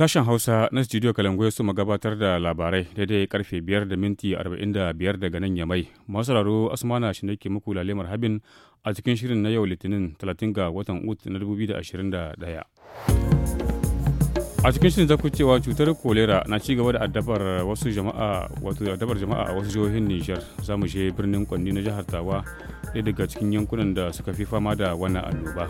Sashen Hausa na Studio Kalango su ma gabatar da labarai daidai karfe 5 da minti 45 daga nan yamai. Masu raro Asmana shi ne ke muku lalemar habin a cikin shirin na yau Litinin talatin ga watan Ut na 2021. A cikin shirin zaku cewa cutar kolera na ci gaba da addabar wasu jama'a wato addabar jama'a a wasu jihohin Nijar za mu je birnin kwanni na jihar Tawa ɗaya daga cikin yankunan da suka fi fama da wannan annoba.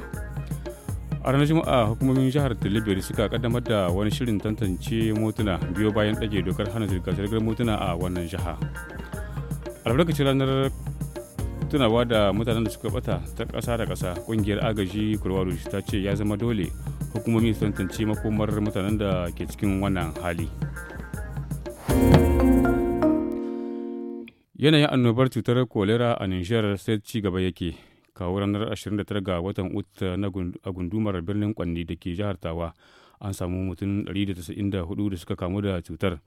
a ranar juma'a hukumomin jihar delivery suka kaddamar da wani shirin tantance motuna biyo bayan ɗage dokar hana zirga-zirgar motuna a wannan jiha albarkacin ranar tunawa da mutanen da suka bata ta ƙasa da ƙasa ƙungiyar agaji kurwarush ta ce ya zama dole hukumomi su tantance makomar mutanen da ke cikin wannan hali yanayin annobar cutar kolera a nijar sai ci gaba yake kawo ranar 29 ga watan ut a gundumar birnin kwanni da ke jihar tawa an samu mutum 194 da suka kamu da cutar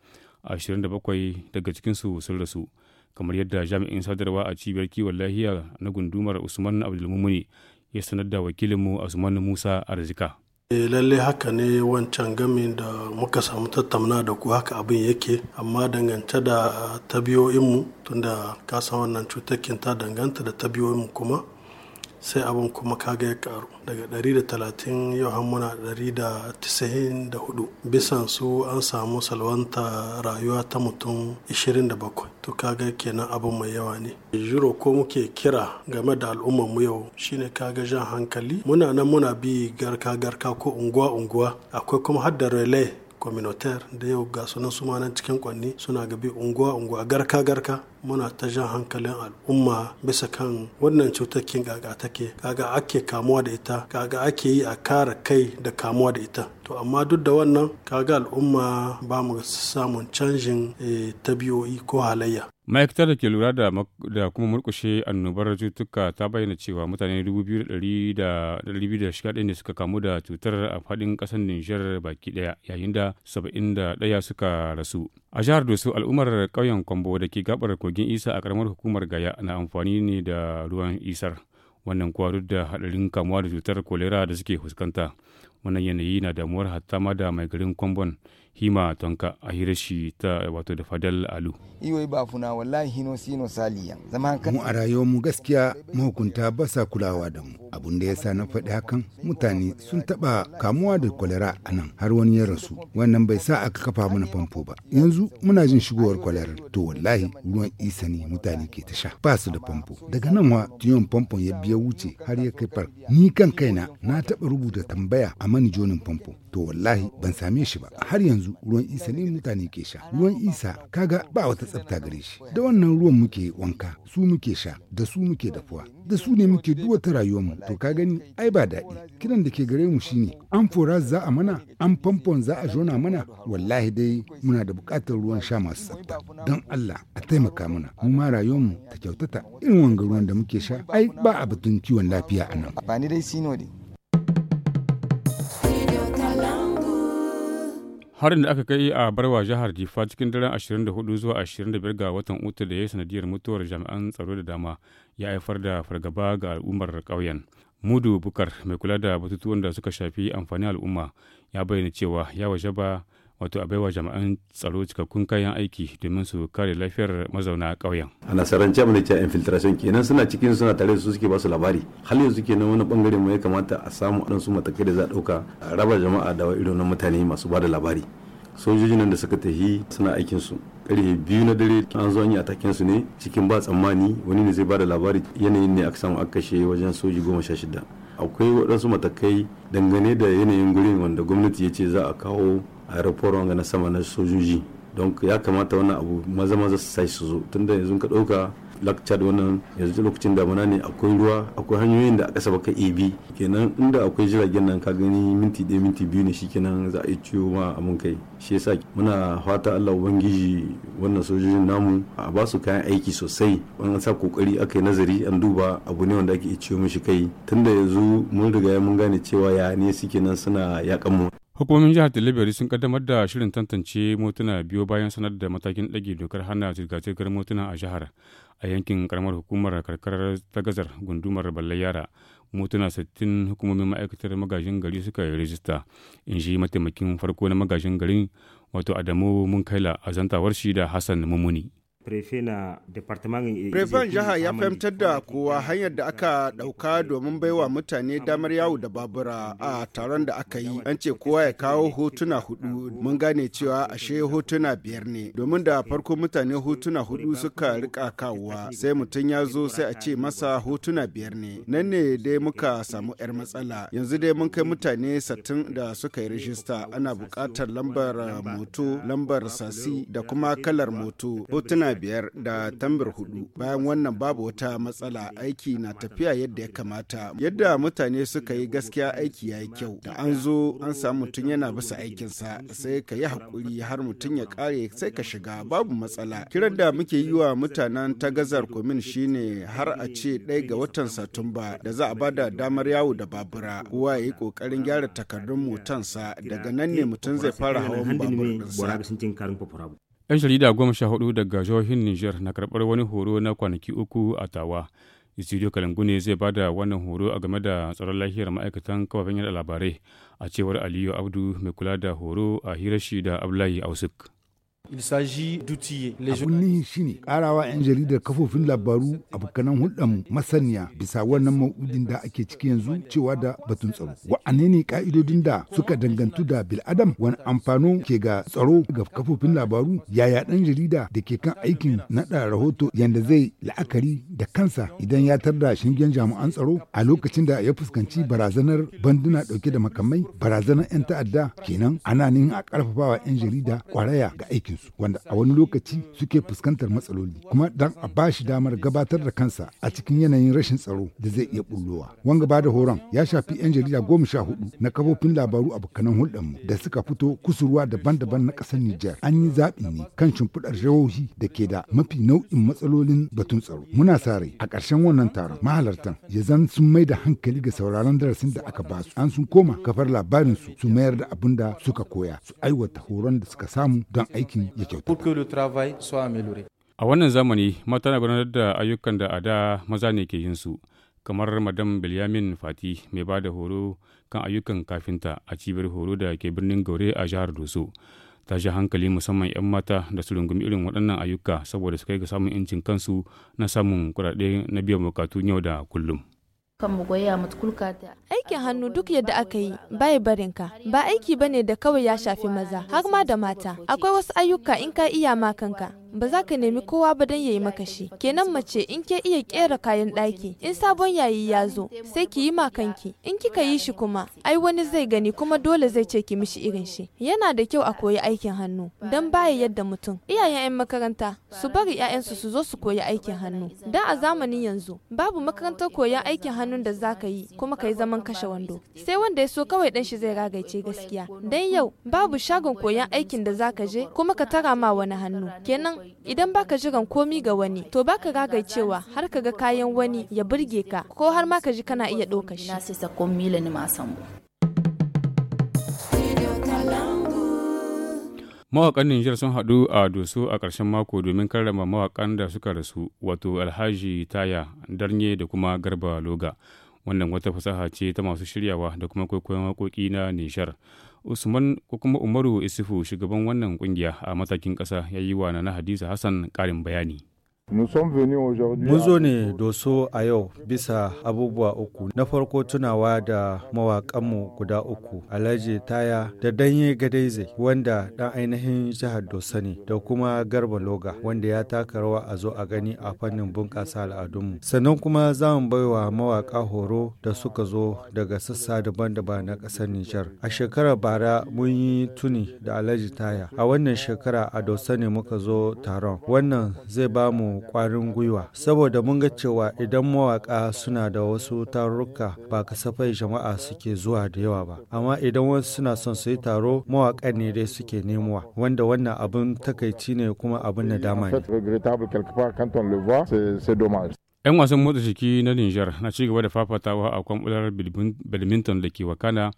27 daga cikinsu sun rasu kamar yadda jami'in sadarwa a cibiyar kiwon lahiya na gundumar usman abdulmumuni ya sanar da wakilinmu usman musa arzika eh, lallai haka ne wancan gamin da muka samu tattauna da ku haka abin yake amma dangance da tabiyoyinmu tunda kasan wannan cutar kinta danganta da tabiyoyinmu kuma sai abin kuma kaga ya karu daga 130 yau har muna 194 bisan su an samu salwanta rayuwa ta mutum 27 to kaga kenan abin mai yawa ne juro ko muke kira game da al'ummar mu yau shine kaga jan hankali muna nan muna bi garka garka ko unguwa unguwa akwai kuma hadda relay communautaire da yau ga sunan su cikin kwanni suna gabi unguwa unguwa garka garka muna ta jan hankalin al'umma bisa kan wannan cutakin gaga take kaga ake kamuwa da ita kaga ake yi a kara kai da kamuwa da ita to amma duk da wannan kaga al'umma ba mu samun canjin eh, tabiyoyi ko halayya ma'aikatar da ke lura da kuma murkushe annobar cutuka ta bayyana cewa mutane 2,211 ne suka kamu da cutar a faɗin ƙasar nijar baki ɗaya yayin da 71 suka rasu a jihar doso al'ummar ƙauyen kwambo da ke gabar kogin isa a karamar hukumar gaya na amfani ne da ruwan isar wannan kuwa duk da haɗarin kamuwa da cutar kolera da suke fuskanta wannan yanayi na damuwar hatta ma da mai garin kwambon hima tonka a hirashi ta wato da fadal alu iwai ba funa wallahi hino sino saliya zama mu a rayuwar mu gaskiya mahukunta ba sa kulawa da mu abun da ya sa na faɗi hakan mutane sun taɓa kamuwa da kwalera a nan har wani ya rasu wannan bai sa aka kafa mana famfo ba yanzu muna jin shigowar kwalera to wallahi ruwan isa ne mutane ke ta sha ba su da famfo daga nan wa tiyon famfon ya biya wuce har ya kai park ni kan kaina na taɓa rubuta tambaya a manijonin famfo to wallahi ban same shi ba har yanzu ruwan isa ne mutane ke sha ruwan isa kaga ba wata tsafta gare shi da wannan ruwan muke wanka su muke sha da su muke dafuwa da su ne muke duwata rayuwarmu to ka gani ai ba daɗi kiran da ke gare mu shine an fora za a mana an famfon za a jona mana wallahi dai muna da buƙatar ruwan sha masu tsafta don Allah a taimaka mana mu ma rayuwarmu ta kyautata irin wanga ruwan da muke sha ai ba a batun kiwon lafiya a nan. harin da aka kai a barwa jihar jifa cikin daren 24 zuwa 25 ga watan uta da ya yi sanadiyar mutuwar jami'an tsaro da dama ya haifar da fargaba ga al'ummar ƙauyen mudu bukar mai kula da batutuwan da suka shafi amfanin al'umma ya bayyana cewa ya waje wato a baiwa jama'an tsaro cikakkun kayan aiki domin su kare lafiyar mazauna ƙauyen. a nasarance mu da infiltration kenan suna cikin suna tare su suke ba su labari hal yanzu kenan wani bangare mu ya kamata a samu ɗan su matakai da za a ɗauka a raba jama'a da irin mutane masu ba da labari sojojin nan da suka tafi suna aikin su karfe biyu na dare an zo yi su ne cikin ba tsammani wani ne zai bada labari yanayin ne aka samu aka kashe wajen soji goma sha shida akwai waɗansu matakai dangane da yanayin gurin wanda gwamnati ya ce za a kawo aeroport wanga na sama na sojoji don ya kamata wannan abu maza maza su sai su zo tunda yanzu ka dauka lakcar wannan yanzu lokacin damuna ne akwai ruwa akwai hanyoyin da aka baka bi kenan inda akwai jiragen nan ka gani minti ɗaya minti biyu ne shikenan za a yi ciwo ma a mun kai shi yasa muna fata Allah ubangiji wannan sojojin namu a ba su kayan aiki sosai an sa kokari aka yi nazari an duba abu ne wanda ake ciwo mishi kai tunda yanzu mun riga mun gane cewa ya ne suke nan suna yakan mu Hukumomin jihar Delivery sun kaddamar da shirin tantance motuna biyu bayan sanar da matakin ɗage dokar hana zirga-zirgar motuna a jihar a yankin karamar hukumar karkarar ta gazar gundumar balle yara motuna 60 hukumomin ma'aikatar magajin gari suka yi rijista in ji mataimakin farko na magajin garin wato Adamu Munkaila a zantawar shi da Hassan Mumuni. prefe na prefen jiha ya fahimtar da kowa hanyar da aka dauka domin baiwa mutane damar yawo da babura a taron da aka yi an ce kowa ya kawo hotuna hudu mun gane cewa ashe hotuna biyar ne domin da farko mutane hotuna hudu suka rika kawowa sai mutum ya zo sai a ce masa hotuna biyar ne nan ne dai muka samu yar matsala yanzu dai mun kai mutane satin da suka yi rijista, ana bukatar lambar moto lambar sasi da kuma kalar moto hotuna biyar da tambar hudu bayan wannan babu wata matsala aiki na tafiya yadda ya kamata yadda mutane suka yi gaskiya aiki ya yi kyau da an zo an samu mutum yana bisa aikinsa sai ka yi hakuri har mutum ya ƙare sai ka shiga babu matsala kiran da muke yi wa mutanen ta gazar komin shine har a ce ɗaya ga watan satumba da za a bada damar yawo da babura kowa ya yi ƙoƙarin gyara takardun motansa daga nan ne mutum zai fara hawan babur 'Yan jarida goma sha hudu daga jihohin Nijar na karɓar wani horo na kwanaki uku a Tawa. Studio kalangune zai ba da wannan horo a game da tsaron lafiyar ma'aikatan kafafen yada labarai a cewar Aliyu Abdu mai kula da horo a hirashi da Abdullahi Ausuk. Abun shine shi ne ƙarawa 'yan jaridar kafofin labaru abokanan mu. masaniya bisa wannan ma'udin da ake ciki yanzu cewa da batun tsaro. Wa'ane ne ƙa'idodin da suka dangantu da bil'adam wani amfano ke ga tsaro ga kafofin labaru yaya ɗan jarida da ke kan aikin naɗa rahoto yanda zai la'akari da kansa idan ya tarda shingen jami'an tsaro a lokacin da ya fuskanci barazanar banduna ɗauke da makamai barazanar 'yan ta'adda kenan ana nin a ƙarfafawa 'yan jarida kwaraya ga aikin aikinsu wanda a wani lokaci suke fuskantar matsaloli kuma dan a ba shi damar gabatar da kansa a cikin yanayin rashin tsaro da zai iya bullowa. Wanga bada da horon ya shafi 'yan jarida goma sha hudu na kafofin labaru a bakanan hulɗarmu da suka fito kusurwa daban-daban na ƙasar Nijar. An yi zaɓi ne kan shimfiɗar jihohi da ke da mafi nau'in matsalolin batun tsaro. Muna sa rai a ƙarshen wannan taron mahalartan ya zan sun mai da hankali ga sauraron darasin da aka ba su. An sun koma kafar labarinsu su mayar da abin da suka koya su aiwata horon da suka samu don aikin ya kyautu. A wannan zamani mata na gudanar da ayyukan da a da maza ne ke yin su, kamar Madam Bilyamin Fati mai ba da horo kan ayyukan kafinta a cibiyar horo da ke birnin Gaure a jihar Doso. Ta shi hankali musamman 'yan mata da su rungumi irin waɗannan ayyuka saboda su kai ga samun 'yancin kansu na samun kuɗaɗe na biyan bukatun yau da kullum. Aikin hannu duk yadda aka yi bai ka ba aiki bane da kawai ya shafi maza har ma da mata akwai wasu ayyuka in ka iya ma kanka ba za ka nemi kowa ba don yayi maka shi kenan mace in ke iya kera kayan daki in sabon yayi ya zo sai ki yi ma kanki in kika yi shi kuma ai wani zai gani kuma dole zai ce ki mishi irin shi yana da kyau a koyi aikin hannu don baya yadda mutum iyayen 'yan makaranta su bari 'ya'yansu su zo su koyi aikin hannu don a zamanin yanzu babu makarantar koyon aikin hannu hannun da za ka yi kuma ka yi zaman kashe wando sai wanda ya so kawai dan shi zai ragaice gaskiya dan yau babu shagon koyan aikin da za ka je kuma ka tara ma wani hannu kenan idan baka jiran komi ga wani to baka ragaicewa har ka ga kayan wani ya burge ka ko har ma ka ji kana iya ɗaukar shi Mawaƙan Nijar sun haɗu a Doso a ƙarshen mako domin karrama mawakan da suka rasu wato Alhaji Taya Darnye da kuma Garba Loga. Wannan wata fasaha ce ta masu shiryawa da kuma kwaikwayon waƙoƙi na Nijar. Usman ko kuma Umaru Isufu shugaban wannan ƙungiya a matakin ƙasa ya yi wa na Hadiza Hassan ƙarin bayani. Mun zo ne doso a yau bisa abubuwa uku. Na farko tunawa da mawaƙanmu guda uku, Alhaji Taya da Danye Gadaize wanda ɗan ainihin jihar Doso ne da kuma Garba Loga wanda ya taka rawa a zo a gani a fannin bunƙasa al'adunmu. Sannan kuma za mu baiwa mawaƙa horo da suka zo daga sassa daban-daban na ƙasar Nijar. A shekarar bara mun yi tuni da Alhaji Taya. A wannan shekara a Doso ne muka zo taron. Wannan zai ba kwarin gwiwa saboda mun ga cewa idan mawaka suna da wasu tarurruka ba kasafai jama'a suke zuwa da yawa ba amma idan wasu suna son su yi taro mawaka ne dai suke nemuwa wanda wannan abin takaici ne kuma abin nadama ne. 'yan wasan motsa jiki na niger na ci gaba da fafatawa a kwamfular badminton da ke wakana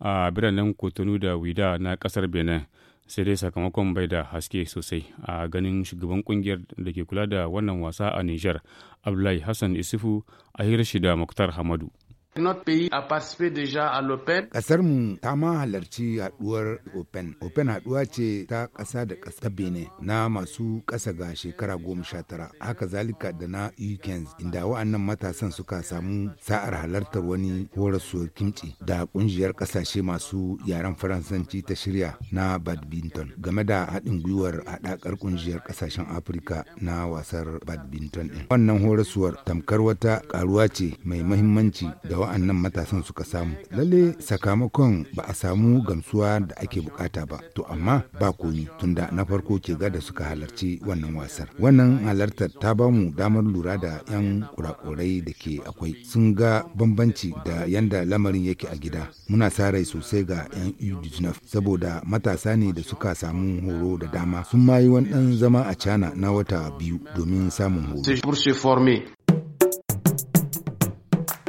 a biranen kotonu da wida na kasar benin sai dai sakamakon bai da haske sosai a ganin shugaban kungiyar da ke kula da wannan wasa a nijar abdullahi hassan isufu a hirar shi da muktar hamadu Notre pays a participé déjà à l'OPEN. Kasar mu ta ma halarci haduwar OPEN. OPEN haɗuwa ce ta ƙasa da ƙasa Benin na masu ƙasa ga shekara goma sha tara. Haka zalika da na Ukens inda wa'annan matasan suka samu sa'ar halartar wani horaswar kimci da ƙungiyar ƙasashe masu yaren Faransanci ta shirya na badminton game da haɗin gwiwar haɗakar ƙungiyar ƙasashen Afirka na wasar badminton ɗin. Wannan horasuwar tamkar wata ƙaruwa ce mai muhimmanci. da da wa'annan matasan suka samu lalle sakamakon ba a samu gamsuwa da ake bukata ba to amma ba komi tunda na farko ke ga da suka halarci wannan wasar wannan halartar ta ba mu damar lura da yan kurakurai da ke akwai sun ga bambanci da yanda lamarin yake a gida muna sa rai sosai ga yan u saboda matasa ne da suka samu horo da dama sun ma yi wani dan zama a cana na wata biyu domin samun horo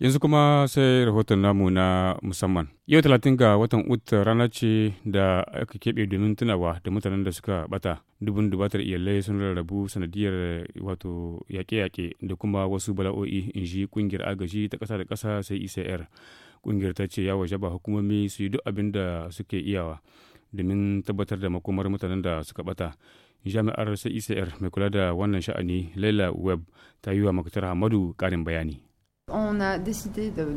yanzu kuma sai rahoton namu na musamman yau talatin ga watan ut rana ce da aka keɓe domin tunawa da mutanen da suka bata dubun dubatar iyalai sun rarrabu sanadiyar wato yaƙe-yaƙe da kuma wasu bala'o'i in ji ƙungiyar agaji ta ƙasa da ƙasa sai icr e ƙungiyar ta ce ya waje ba hukumomi su yi duk abin da suke iyawa domin tabbatar da makomar mutanen da suka bata jami'ar e cicr mai kula da wannan sha'ani laila web ta yi wa makatar hamadu karin bayani On a décidé le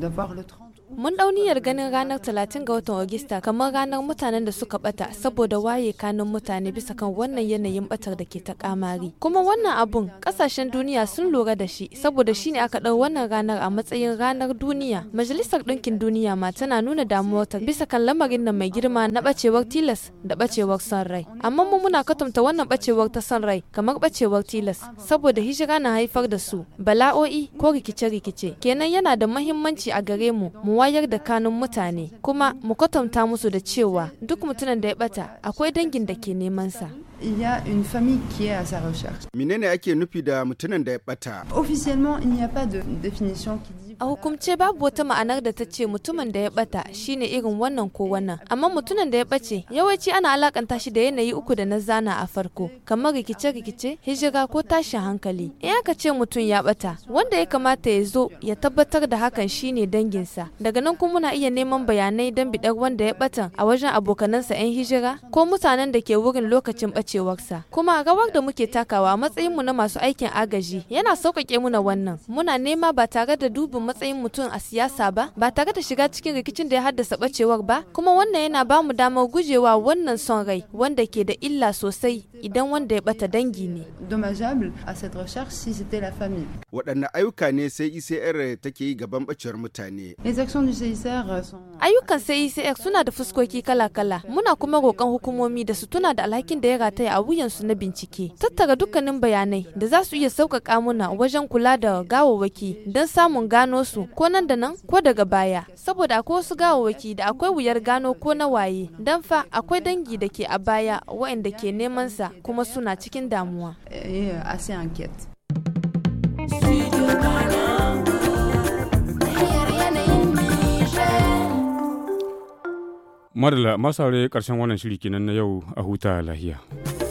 Mun dau niyyar ganin ranar 30 ga watan Agusta kamar ranar mutanen da suka bata saboda waye kanun mutane bisa kan wannan yanayin batar da ke ta kamari. Kuma wannan abun kasashen duniya sun lura da shi saboda shi ne aka ɗau wannan ranar a matsayin ranar duniya. Majalisar Ɗinkin Duniya ma tana nuna damuwarta bisa kan lamarin da mai girma na bacewar tilas da bacewar son rai. Amma mu muna katumta wannan bacewar ta son rai kamar bacewar tilas saboda hijira na haifar da su bala'o'i ko rikice-rikice. Kenan yana da mahimmanci a gare mu mu wayar da kanun mutane kuma mu kwatanta musu da cewa duk mutumin da ya bata akwai dangin da ke neman sa. il y a une famille qui est à sa recherche. ake nufi da da ya bata? Officiellement, il n'y a pas de définition qui dit A hukumce babu wata ma'anar da ta ce mutumin da ya bata shine irin wannan ko wannan. Amma mutumin da ya bace yawanci ana alakanta shi da yanayi uku da na zana a farko, kamar rikice-rikice, hijira ko tashin hankali. In aka ce mutum ya bata, wanda ya kamata ya zo ya tabbatar da hakan shine danginsa. Daga nan kuma muna iya neman bayanai don biɗar wanda ya bata a wajen abokanansa 'yan hijira ko mutanen da ke wurin lokacin bace kasancewarsa. Kuma rawar da muke takawa matsayin mu na masu aikin agaji yana sauƙaƙe muna wannan. Muna nema ba tare da dubin matsayin mutum a siyasa ba, ba tare da shiga cikin rikicin da ya haddasa bacewar ba, kuma wannan yana ba mu damar gujewa wannan son rai wanda ke da illa sosai idan wanda ya bata dangi ne. Waɗanne ayyuka ne sai ICR e take yi gaban ɓacewar mutane? E Ayyukan sai ICR e suna da fuskoki kala-kala, muna kuma roƙon hukumomi da su tuna da alhakin da ya rata yi a wuyansu na bincike tattara dukkanin bayanai da za su iya sauƙaƙa muna wajen kula da gawawwaki don samun gano su ko nan da nan ko daga baya saboda akwai wasu gawawwaki da akwai wuyar gano ko na waye don fa akwai dangi da ke a baya waɗanda ke neman sa kuma suna cikin damuwa. Studio yeah, eh, Madala masu ƙarshen wannan shiri kenan na yau a huta lahiya.